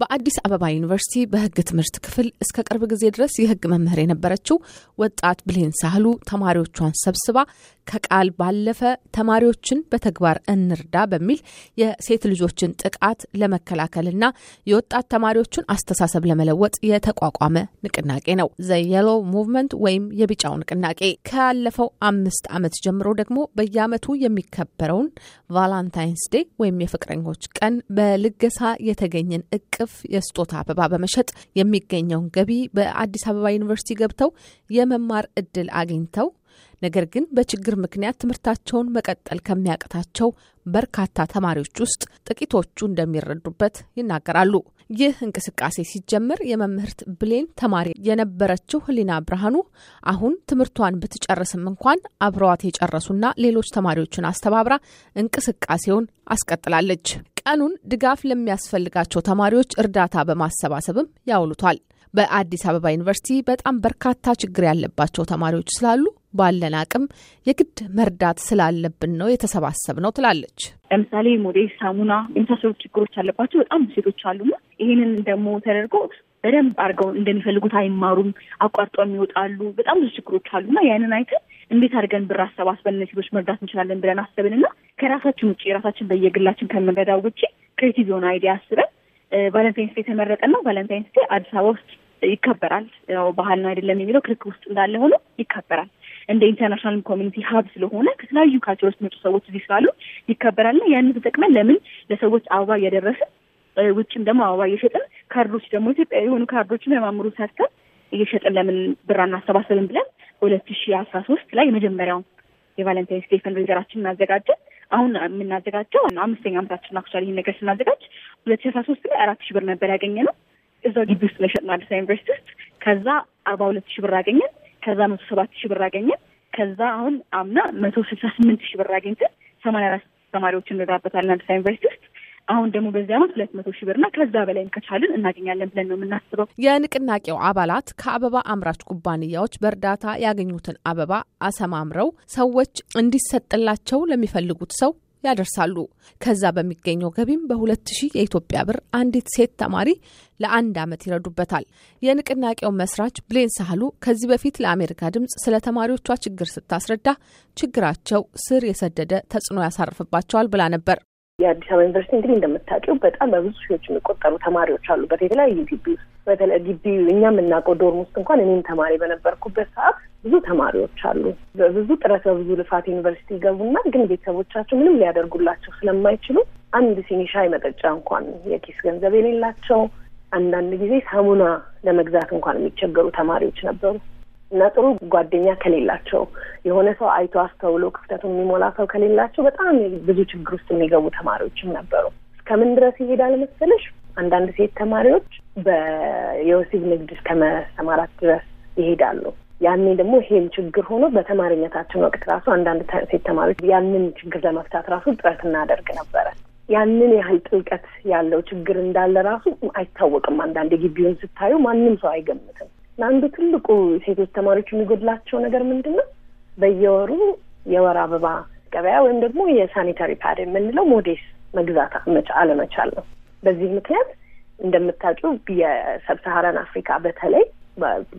በአዲስ አበባ ዩኒቨርሲቲ በህግ ትምህርት ክፍል እስከ ቅርብ ጊዜ ድረስ የህግ መምህር የነበረችው ወጣት ብሌን ሳህሉ ተማሪዎቿን ሰብስባ ከቃል ባለፈ ተማሪዎችን በተግባር እንርዳ በሚል የሴት ልጆችን ጥቃት ለመከላከልና የወጣት ተማሪዎችን አስተሳሰብ ለመለወጥ የተቋቋመ ንቅናቄ ነው፣ ዘ የሎ ሙቭመንት ወይም የቢጫው ንቅናቄ። ካለፈው አምስት ዓመት ጀምሮ ደግሞ በየዓመቱ የሚከበረውን ቫላንታይንስ ዴይ ወይም የፍቅረኞች ቀን በልገሳ የተገኘን እቅፍ አቀፍ የስጦታ አበባ በመሸጥ የሚገኘውን ገቢ በአዲስ አበባ ዩኒቨርሲቲ ገብተው የመማር እድል አግኝተው ነገር ግን በችግር ምክንያት ትምህርታቸውን መቀጠል ከሚያቅታቸው በርካታ ተማሪዎች ውስጥ ጥቂቶቹ እንደሚረዱበት ይናገራሉ። ይህ እንቅስቃሴ ሲጀመር የመምህርት ብሌን ተማሪ የነበረችው ህሊና ብርሃኑ አሁን ትምህርቷን ብትጨርስም እንኳን አብረዋት የጨረሱና ሌሎች ተማሪዎችን አስተባብራ እንቅስቃሴውን አስቀጥላለች። ቀኑን ድጋፍ ለሚያስፈልጋቸው ተማሪዎች እርዳታ በማሰባሰብም ያውሉታል። በአዲስ አበባ ዩኒቨርሲቲ በጣም በርካታ ችግር ያለባቸው ተማሪዎች ስላሉ ባለን አቅም የግድ መርዳት ስላለብን ነው የተሰባሰብ ነው ትላለች። ለምሳሌ ሞዴል ሳሙና የመሳሰሉ ችግሮች ያለባቸው በጣም ሴቶች አሉና ይህንን ደግሞ ተደርጎ በደንብ አድርገው እንደሚፈልጉት አይማሩም፣ አቋርጠው የሚወጣሉ። በጣም ብዙ ችግሮች አሉና ያንን አይተን እንዴት አድርገን ብር አሰባስበን ሴቶች መርዳት እንችላለን ብለን አስብን እና ከራሳችን ውጭ የራሳችን በየግላችን ከመረዳው ውጭ ክሬቲቭ የሆነ አይዲያ አስበን ቫለንታይንስ ዴ ተመረጠና ቫለንታይንስ ዴ አዲስ አበባ ውስጥ ይከበራል። ያው ባህል ነው አይደለም የሚለው ክርክር ውስጥ እንዳለ ሆኖ ይከበራል። እንደ ኢንተርናሽናል ኮሚኒቲ ሀብ ስለሆነ ከተለያዩ ካልቸሮች መጡ ሰዎች እዚህ ስላሉ ይከበራልና ያንን ተጠቅመን ለምን ለሰዎች አበባ እያደረስን ውጭም ደግሞ አበባ እየሸጥን ካርዶች ደግሞ ኢትዮጵያ የሆኑ ካርዶችን የማምሩ ሰርተን እየሸጥን ለምን ብር አናሰባሰብን ብለን ሁለት ሺ አስራ ሶስት ላይ የመጀመሪያውን የቫለንታይን ስቴ ፈንድሬዘራችን እናዘጋጀን። አሁን የምናዘጋጀው አምስተኛ ዓመታችን አክቹዋሊ ይህን ነገር ስናዘጋጅ ሁለት ሺ አስራ ሶስት ላይ አራት ሺ ብር ነበር ያገኘ ነው። እዛው ግቢ ውስጥ ነው የሸጥነው አዲስ ዩኒቨርሲቲ ውስጥ። ከዛ አርባ ሁለት ሺ ብር አገኘን። ከዛ መቶ ሰባት ሺ ብር አገኘን። ከዛ አሁን አምና መቶ ስልሳ ስምንት ሺ ብር አገኝተን ሰማንያ አራት ተማሪዎች እንረዳበታለን አዲስ ዩኒቨርሲቲ ውስጥ አሁን ደግሞ በዚህ አመት ሁለት መቶ ሺህ ብርና ከዛ በላይም ከቻልን እናገኛለን ብለን ነው የምናስበው። የንቅናቄው አባላት ከአበባ አምራች ኩባንያዎች በእርዳታ ያገኙትን አበባ አሰማምረው ሰዎች እንዲሰጥላቸው ለሚፈልጉት ሰው ያደርሳሉ። ከዛ በሚገኘው ገቢም በሁለት ሺህ የኢትዮጵያ ብር አንዲት ሴት ተማሪ ለአንድ ዓመት ይረዱበታል። የንቅናቄው መስራች ብሌን ሳህሉ ከዚህ በፊት ለአሜሪካ ድምፅ ስለ ተማሪዎቿ ችግር ስታስረዳ ችግራቸው ስር የሰደደ ተጽዕኖ ያሳርፍባቸዋል ብላ ነበር። የአዲስ አበባ ዩኒቨርሲቲ እንግዲህ እንደምታውቂው በጣም በብዙ ሺዎች የሚቆጠሩ ተማሪዎች አሉበት የተለያዩ ግቢ ውስጥ በተለይ ግቢ እኛ የምናውቀው ዶርም ውስጥ እንኳን እኔም ተማሪ በነበርኩበት ሰዓት ብዙ ተማሪዎች አሉ። በብዙ ጥረት በብዙ ልፋት ዩኒቨርሲቲ ይገቡና ግን ቤተሰቦቻቸው ምንም ሊያደርጉላቸው ስለማይችሉ አንድ ሲኒ ሻይ መጠጫ እንኳን የኪስ ገንዘብ የሌላቸው አንዳንድ ጊዜ ሳሙና ለመግዛት እንኳን የሚቸገሩ ተማሪዎች ነበሩ። እና ጥሩ ጓደኛ ከሌላቸው የሆነ ሰው አይቶ አስተውሎ ክፍተቱን የሚሞላ ሰው ከሌላቸው በጣም ብዙ ችግር ውስጥ የሚገቡ ተማሪዎችም ነበሩ። እስከምን ድረስ ይሄዳል መሰለሽ? አንዳንድ ሴት ተማሪዎች በየወሲብ ንግድ እስከመሰማራት ድረስ ይሄዳሉ። ያኔ ደግሞ ይሄም ችግር ሆኖ በተማሪነታችን ወቅት ራሱ አንዳንድ ሴት ተማሪዎች ያንን ችግር ለመፍታት ራሱ ጥረት እናደርግ ነበረ። ያንን ያህል ጥልቀት ያለው ችግር እንዳለ ራሱ አይታወቅም። አንዳንድ የግቢውን ስታዩ ማንም ሰው አይገምትም። ለአንዱ ትልቁ ሴቶች ተማሪዎች የሚጎድላቸው ነገር ምንድን ነው? በየወሩ የወር አበባ ገበያ ወይም ደግሞ የሳኒታሪ ፓድ የምንለው ሞዴስ መግዛት አለመቻል ነው። በዚህ ምክንያት እንደምታውቂው የሰብሳሃራን አፍሪካ በተለይ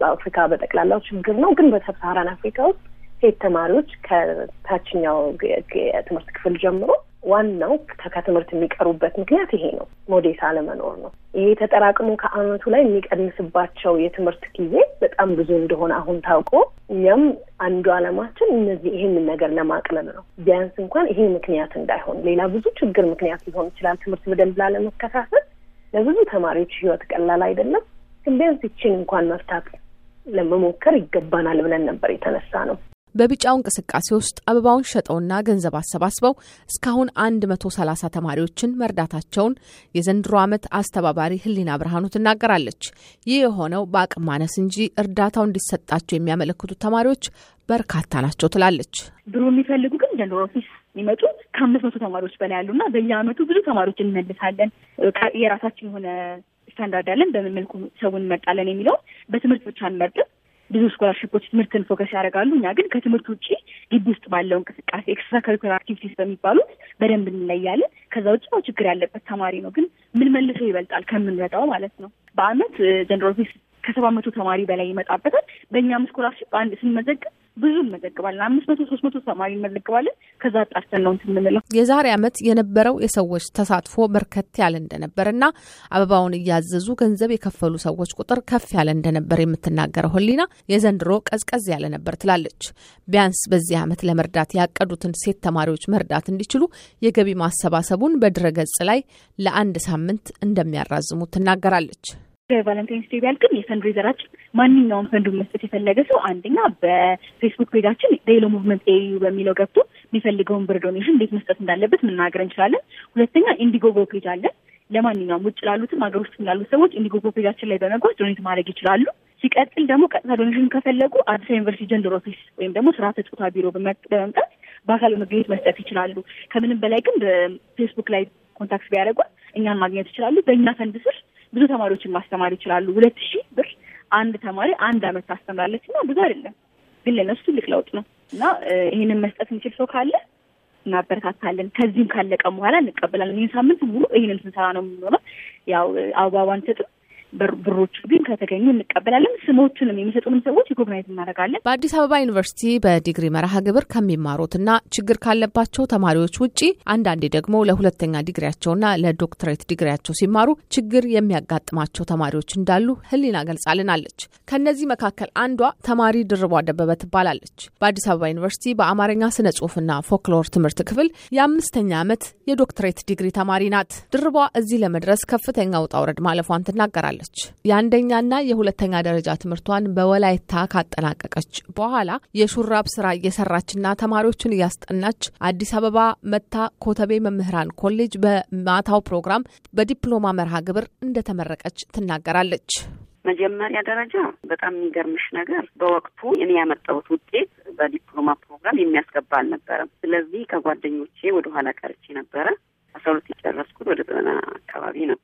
በአፍሪካ በጠቅላላው ችግር ነው። ግን በሰብሳሃራን አፍሪካ ውስጥ ሴት ተማሪዎች ከታችኛው የትምህርት ክፍል ጀምሮ ዋናው ከትምህርት የሚቀሩበት ምክንያት ይሄ ነው። ሞዴስ አለመኖር ነው። ይሄ ተጠራቅሞ ከአመቱ ላይ የሚቀንስባቸው የትምህርት ጊዜ በጣም ብዙ እንደሆነ አሁን ታውቆ እኛም አንዱ አለማችን እነዚህ ይህንን ነገር ለማቅለል ነው። ቢያንስ እንኳን ይሄ ምክንያት እንዳይሆን፣ ሌላ ብዙ ችግር ምክንያት ሊሆን ይችላል። ትምህርት በደንብ ላለመከታተል ለብዙ ተማሪዎች ህይወት ቀላል አይደለም። ግን ቢያንስ ይችን እንኳን መፍታት ለመሞከር ይገባናል ብለን ነበር የተነሳ ነው። በቢጫው እንቅስቃሴ ውስጥ አበባውን ሸጠውና ገንዘብ አሰባስበው እስካሁን 130 ተማሪዎችን መርዳታቸውን የዘንድሮ ዓመት አስተባባሪ ህሊና ብርሃኑ ትናገራለች። ይህ የሆነው በአቅም ማነስ እንጂ እርዳታው እንዲሰጣቸው የሚያመለክቱ ተማሪዎች በርካታ ናቸው ትላለች። ብሩ የሚፈልጉ ግን ዘንድሮ ኦፊስ የሚመጡ ከአምስት መቶ ተማሪዎች በላይ አሉና በየአመቱ ብዙ ተማሪዎች እንመልሳለን። የራሳችን የሆነ ስታንዳርድ አለን። በምን መልኩ ሰውን እንመርጣለን የሚለውን በትምህርት ብቻ አንመርጥም። ብዙ ስኮላርሽፖች ትምህርትን ፎከስ ያደርጋሉ። እኛ ግን ከትምህርት ውጭ ግቢ ውስጥ ባለው እንቅስቃሴ ኤክስትራ ከሪኩላር አክቲቪቲስ በሚባሉት በደንብ እንለያለን። ከዛ ውጭ ነው ችግር ያለበት ተማሪ ነው፣ ግን መልሰው ይበልጣል ከምንመጣው ማለት ነው። በአመት ጀነራል ፊስ ከሰባ መቶ ተማሪ በላይ ይመጣበታል። በእኛም ስኮላርሽፕ አንድ ስንመዘግብ ብዙ እንመዘግባለን። አምስት መቶ ሶስት መቶ ተማሪ እንመዘግባለን። ከዛ ጣርተን ነው እንትን የምንለው። የዛሬ ዓመት የነበረው የሰዎች ተሳትፎ በርከት ያለ እንደነበርና አበባውን እያዘዙ ገንዘብ የከፈሉ ሰዎች ቁጥር ከፍ ያለ እንደነበር የምትናገረው ህሊና የዘንድሮ ቀዝቀዝ ያለ ነበር ትላለች። ቢያንስ በዚህ አመት ለመርዳት ያቀዱትን ሴት ተማሪዎች መርዳት እንዲችሉ የገቢ ማሰባሰቡን በድረገጽ ላይ ለአንድ ሳምንት እንደሚያራዝሙ ትናገራለች። የቫለንታይንስ ዴይ ቢያልቅም የፈንድሬዘራችን ማንኛውም ፈንዱን መስጠት የፈለገ ሰው አንደኛ በፌስቡክ ፔጃችን ሌሎ ሙቭመንት ኤዩ በሚለው ገብቶ የሚፈልገውን ብር ዶኔሽን እንዴት መስጠት እንዳለበት መናገር እንችላለን። ሁለተኛ ኢንዲጎጎ ፔጅ አለ። ለማንኛውም ውጭ ላሉትም ሀገር ውስጥ ላሉት ሰዎች ኢንዲጎጎ ፔጃችን ላይ በመጓዝ ዶኔት ማድረግ ይችላሉ። ሲቀጥል ደግሞ ቀጥታ ዶኔሽን ከፈለጉ አዲስ ዩኒቨርሲቲ ጀንደር ኦፊስ ወይም ደግሞ ስራ ተጽታ ቢሮ በመምጣት በአካል መገኘት መስጠት ይችላሉ። ከምንም በላይ ግን በፌስቡክ ላይ ኮንታክት ቢያደርጓል እኛን ማግኘት ይችላሉ። በእኛ ፈንድ ስር ብዙ ተማሪዎችን ማስተማር ይችላሉ። ሁለት ሺህ ብር አንድ ተማሪ አንድ አመት ታስተምራለች እና ብዙ አይደለም፣ ግን ለነሱ ትልቅ ለውጥ ነው እና ይህንን መስጠት የሚችል ሰው ካለ እናበረታታለን። ከዚህም ካለቀም በኋላ እንቀበላለን። ይህን ሳምንት ሙሉ ይህንን ስንሰራ ነው የምንሆነው። ያው አበባ ባንሰጥም ብሮቹ ግን ከተገኙ እንቀበላለን። ስሞቹንም የሚሰጡንም ሰዎች ሪኮግናይዝ እናደርጋለን። በአዲስ አበባ ዩኒቨርሲቲ በዲግሪ መርሃ ግብር ከሚማሩትና ችግር ካለባቸው ተማሪዎች ውጪ አንዳንዴ ደግሞ ለሁለተኛ ዲግሪያቸውና ለዶክትሬት ዲግሪያቸው ሲማሩ ችግር የሚያጋጥማቸው ተማሪዎች እንዳሉ ህሊና ገልጻልናለች። ከእነዚህ መካከል አንዷ ተማሪ ድርቧ ደበበ ትባላለች። በአዲስ አበባ ዩኒቨርሲቲ በአማርኛ ስነ ጽሁፍና ፎክሎር ትምህርት ክፍል የአምስተኛ ዓመት የዶክትሬት ዲግሪ ተማሪ ናት። ድርቧ እዚህ ለመድረስ ከፍተኛ ውጣ ውረድ ማለፏን ትናገራለች። ትማራለች። የአንደኛና የሁለተኛ ደረጃ ትምህርቷን በወላይታ ካጠናቀቀች በኋላ የሹራብ ስራ እየሰራችና ተማሪዎችን እያስጠናች አዲስ አበባ መታ ኮተቤ መምህራን ኮሌጅ በማታው ፕሮግራም በዲፕሎማ መርሃ ግብር እንደተመረቀች ትናገራለች። መጀመሪያ ደረጃ በጣም የሚገርምሽ ነገር በወቅቱ እኔ ያመጣሁት ውጤት በዲፕሎማ ፕሮግራም የሚያስገባ አልነበረም። ስለዚህ ከጓደኞቼ ወደኋላ ቀርቼ ነበረ። አስራ ሁለት የጨረስኩት ወደ ዘጠና አካባቢ ነው።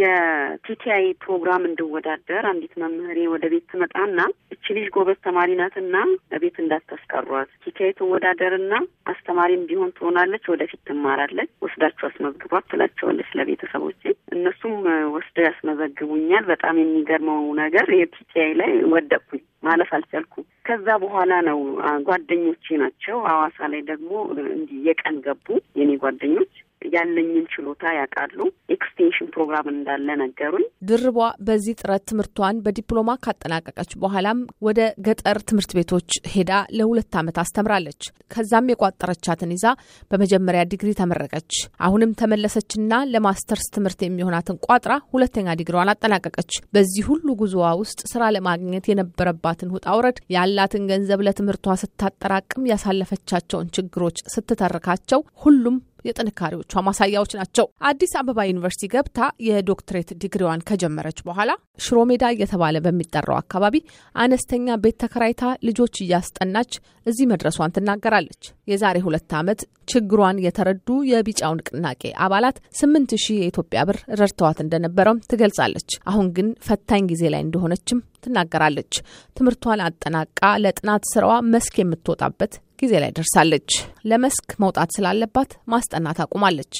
የቲቲአይ ፕሮግራም እንድወዳደር አንዲት መምህሬ ወደ ቤት ትመጣና እቺ ልጅ ጎበዝ ተማሪ ናትና ቤት እንዳታስቀሯት፣ ቲቲአይ ትወዳደርና አስተማሪም ቢሆን ትሆናለች፣ ወደፊት ትማራለች፣ ወስዳችሁ አስመዝግቧት ትላቸዋለች ለቤተሰቦች። እነሱም ወስደው ያስመዘግቡኛል። በጣም የሚገርመው ነገር የቲቲአይ ላይ ወደቅኩኝ፣ ማለፍ አልቻልኩም። ከዛ በኋላ ነው ጓደኞቼ ናቸው አዋሳ ላይ ደግሞ እንዲህ የቀን ገቡ የኔ ጓደኞች ያለኝን ችሎታ ያውቃሉ። ኤክስቴንሽን ፕሮግራም እንዳለ ነገሩኝ። ድርቧ በዚህ ጥረት ትምህርቷን በዲፕሎማ ካጠናቀቀች በኋላም ወደ ገጠር ትምህርት ቤቶች ሄዳ ለሁለት ዓመት አስተምራለች። ከዛም የቋጠረቻትን ይዛ በመጀመሪያ ዲግሪ ተመረቀች። አሁንም ተመለሰችና ለማስተርስ ትምህርት የሚሆናትን ቋጥራ ሁለተኛ ዲግሪዋን አጠናቀቀች። በዚህ ሁሉ ጉዞዋ ውስጥ ስራ ለማግኘት የነበረባትን ውጣ ውረድ፣ ያላትን ገንዘብ ለትምህርቷ ስታጠራቅም ያሳለፈቻቸውን ችግሮች ስትተርካቸው ሁሉም የጥንካሬዎቿ ማሳያዎች ናቸው። አዲስ አበባ ዩኒቨርሲቲ ገብታ የዶክትሬት ዲግሪዋን ከጀመረች በኋላ ሽሮሜዳ እየተባለ በሚጠራው አካባቢ አነስተኛ ቤት ተከራይታ ልጆች እያስጠናች እዚህ መድረሷን ትናገራለች። የዛሬ ሁለት ዓመት ችግሯን የተረዱ የቢጫው ንቅናቄ አባላት ስምንት ሺህ የኢትዮጵያ ብር ረድተዋት እንደነበረም ትገልጻለች። አሁን ግን ፈታኝ ጊዜ ላይ እንደሆነችም ትናገራለች። ትምህርቷን አጠናቃ ለጥናት ስራዋ መስክ የምትወጣበት ጊዜ ላይ ደርሳለች። ለመስክ መውጣት ስላለባት ማስጠናት አቁማለች።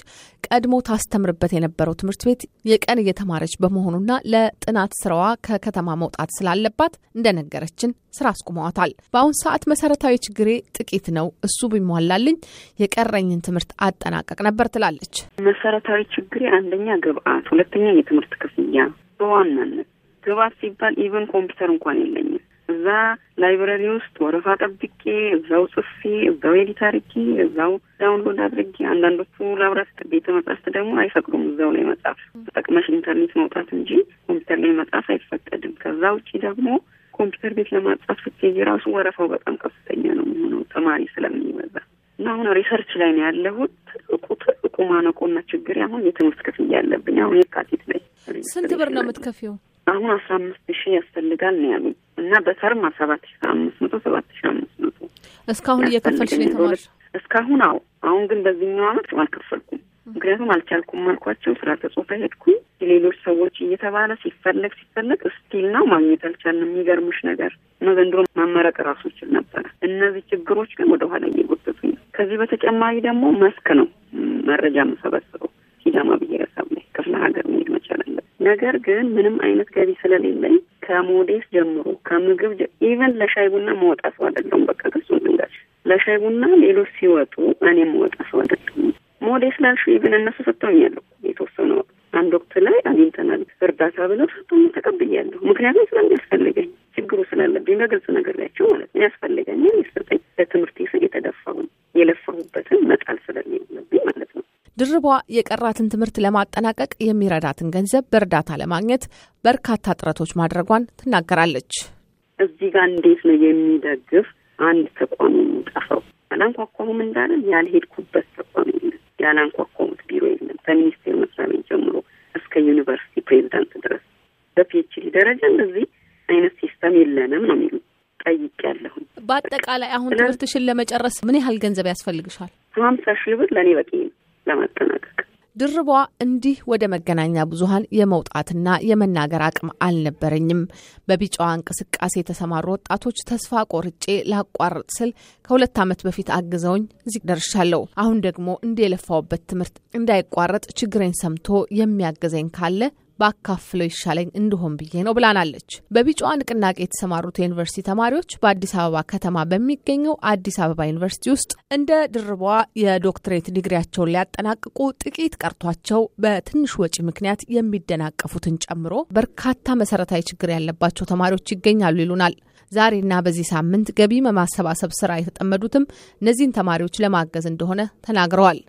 ቀድሞ ታስተምርበት የነበረው ትምህርት ቤት የቀን እየተማረች በመሆኑና ለጥናት ስራዋ ከከተማ መውጣት ስላለባት እንደነገረችን ስራ አስቁመዋታል። በአሁን ሰዓት መሰረታዊ ችግሬ ጥቂት ነው፣ እሱ ቢሟላልኝ የቀረኝን ትምህርት አጠናቀቅ ነበር ትላለች። መሰረታዊ ችግሬ አንደኛ ግብአት፣ ሁለተኛ የትምህርት ክፍያ። በዋናነት ግብአት ሲባል ኢቨን ኮምፒውተር እንኳን የለኝም እዛ ላይብረሪ ውስጥ ወረፋ ጠብቄ እዛው ጽፌ እዛው ኤዲት አድርጌ እዛው ዳውንሎድ አድርጌ አንዳንዶቹ ላብራት ቤተ መጻሕፍት ደግሞ አይፈቅዱም። እዛው ላይ መጻፍ ተጠቅመሽ ኢንተርኔት መውጣት እንጂ ኮምፒውተር ላይ መጻፍ አይፈቀድም። ከዛ ውጪ ደግሞ ኮምፒውተር ቤት ለማጻፍ ስትሄጂ ራሱ ወረፋው በጣም ከፍተኛ ነው የሚሆነው ተማሪ ስለሚበዛ እና አሁን ሪሰርች ላይ ነው ያለሁት። ትልቁ ትልቁ ማነቆና ችግር አሁን የትምህርት ክፍያ ያለብኝ አሁን የካቲት ላይ ስንት ብር ነው የምትከፊው? አሁን አስራ አምስት ሺህ ያስፈልጋል ነው ያሉኝ። እና በተርማ ሰባት ሺ አምስት መቶ ሰባት ሺ አምስት መቶ እስካሁን እየከፈልሽ ነው የተማርሽ? እስካሁን አዎ። አሁን ግን በዚህኛው አመት አልከፈልኩም። ምክንያቱም አልቻልኩም አልኳቸው። ስራ ተጽፈ ሄድኩኝ። ሌሎች ሰዎች እየተባለ ሲፈለግ ሲፈለግ ስቲል ነው ማግኘት አልቻልንም። የሚገርምሽ ነገር ነው ዘንድሮ ማመረቅ ራሱ ይችል ነበረ። እነዚህ ችግሮች ግን ወደኋላ እየጎተቱኝ ነው። ከዚህ በተጨማሪ ደግሞ መስክ ነው መረጃ መሰበሰበው ሲዳማ ብሔረሰብ ላይ ክፍለ ሀገር መሄድ መቻል አለብን። ነገር ግን ምንም አይነት ገቢ ስለሌለኝ ከሞዴስ ጀምሮ ከምግብ ኢቨን ለሻይ ቡና መወጣ ሰው አይደለሁም። በቃ ከሱ ልንገርሽ፣ ለሻይ ቡና ሌሎች ሲወጡ እኔ መወጣ ሰው አይደለሁም። ሞዴስ ላልሹ ኢቨን እነሱ ሰጥተውኛል። የተወሰነ አንድ ወቅት ላይ አግኝተናል እርዳታ ብለው ሰጥተው ተቀብያለሁ። ምክንያቱም ስለሚያስፈልግ ቤተሰቧ የቀራትን ትምህርት ለማጠናቀቅ የሚረዳትን ገንዘብ በእርዳታ ለማግኘት በርካታ ጥረቶች ማድረጓን ትናገራለች። እዚህ ጋር እንዴት ነው የሚደግፍ አንድ ተቋም የሚጠፋው? አላንኳኳሁም እንዳለን ያልሄድኩበት ተቋም የለም። ያላንኳኳሁት ቢሮ የለም። ከሚኒስቴር መስሪያ ቤት ጀምሮ እስከ ዩኒቨርሲቲ ፕሬዚዳንት ድረስ በፒኤችዲ ደረጃ እንደዚህ አይነት ሲስተም የለንም ነው የሚሉ ጠይቅ ያለሁን። በአጠቃላይ አሁን ትምህርትሽን ለመጨረስ ምን ያህል ገንዘብ ያስፈልግሻል? ሀምሳ ሺህ ብር ለእኔ በቂ ነው። ለማጠናቀቅ ድርቧ እንዲህ ወደ መገናኛ ብዙኃን የመውጣትና የመናገር አቅም አልነበረኝም። በቢጫዋ እንቅስቃሴ የተሰማሩ ወጣቶች ተስፋ ቆርጬ ላቋርጥ ስል ከሁለት ዓመት በፊት አግዘውኝ እዚህ ደርሻለሁ። አሁን ደግሞ እንደ የለፋውበት ትምህርት እንዳይቋረጥ ችግሬን ሰምቶ የሚያግዘኝ ካለ ባካፍለው ይሻለኝ እንደሆን ብዬ ነው ብላናለች። በቢጫዋ ንቅናቄ የተሰማሩት የዩኒቨርሲቲ ተማሪዎች በአዲስ አበባ ከተማ በሚገኘው አዲስ አበባ ዩኒቨርሲቲ ውስጥ እንደ ድርቧ የዶክትሬት ዲግሪያቸውን ሊያጠናቅቁ ጥቂት ቀርቷቸው በትንሽ ወጪ ምክንያት የሚደናቀፉትን ጨምሮ በርካታ መሰረታዊ ችግር ያለባቸው ተማሪዎች ይገኛሉ ይሉናል። ዛሬና በዚህ ሳምንት ገቢ በማሰባሰብ ስራ የተጠመዱትም እነዚህን ተማሪዎች ለማገዝ እንደሆነ ተናግረዋል።